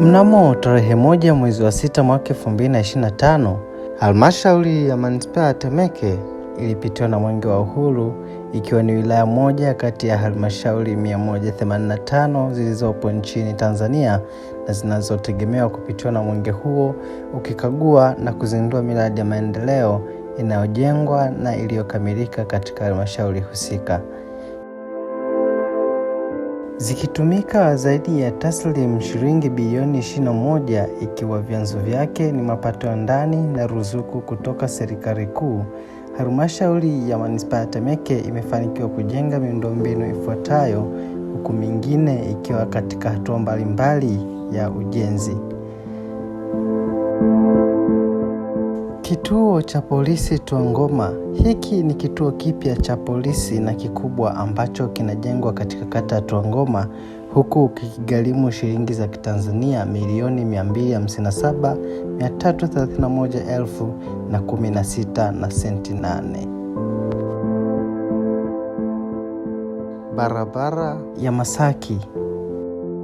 Mnamo tarehe moja mwezi wa sita mwaka 2025, halmashauri ya manispaa ya Temeke ilipitiwa na mwenge wa uhuru ikiwa ni wilaya moja kati ya halmashauri 185 zilizopo nchini Tanzania na zinazotegemewa kupitiwa na mwenge huo ukikagua na kuzindua miradi ya maendeleo inayojengwa na iliyokamilika katika halmashauri husika zikitumika zaidi ya taslim shilingi bilioni 21 ikiwa vyanzo vyake ni mapato ya ndani na ruzuku kutoka serikali kuu. Halmashauri ya manispaa ya Temeke imefanikiwa kujenga miundombinu ifuatayo huku mingine ikiwa katika hatua mbalimbali ya ujenzi. Kituo cha polisi Twangoma. Hiki ni kituo kipya cha polisi na kikubwa ambacho kinajengwa katika kata ya Twangoma huku kikigharimu shilingi za Kitanzania milioni 257,331,016 na senti nane. Barabara ya Masaki.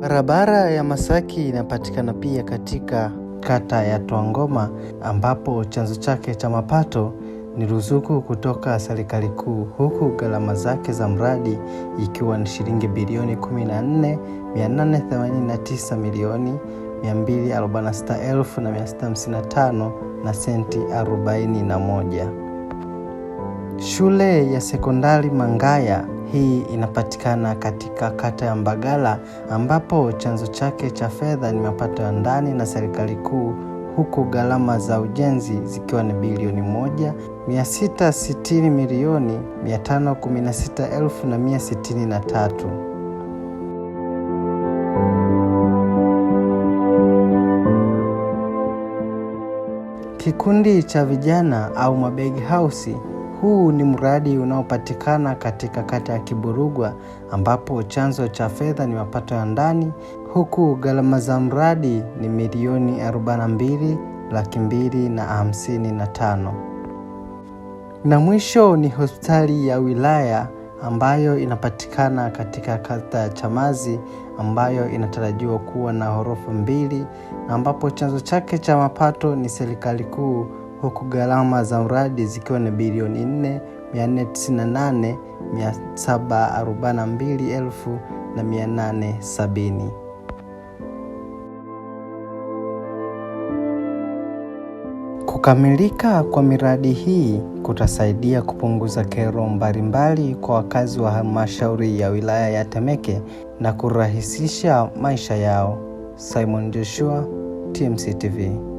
Barabara ya Masaki inapatikana pia katika kata ya Twangoma ambapo chanzo chake cha mapato ni ruzuku kutoka serikali kuu, huku gharama zake za mradi ikiwa ni shilingi bilioni 14,889 milioni 246,655 na senti 41. Shule ya sekondari Mangaya hii inapatikana katika kata ya Mbagala ambapo chanzo chake cha fedha ni mapato ya ndani na serikali kuu huku gharama za ujenzi zikiwa ni bilioni moja mia sita sitini milioni mia tano kumi na sita elfu na mia sitini na tatu. Kikundi cha vijana au mabegi hausi huu ni mradi unaopatikana katika kata ya Kiburugwa ambapo chanzo cha fedha ni mapato ya ndani huku gharama za mradi ni milioni 42 laki mbili na hamsini na tano. Na mwisho ni hospitali ya wilaya ambayo inapatikana katika kata ya Chamazi ambayo inatarajiwa kuwa na ghorofa mbili ambapo chanzo chake cha mapato ni serikali kuu huku gharama za mradi zikiwa ni bilioni 4 4,498,742,870. Kukamilika kwa miradi hii kutasaidia kupunguza kero mbalimbali kwa wakazi wa halmashauri ya wilaya ya Temeke na kurahisisha maisha yao. Simon Joshua, tmctv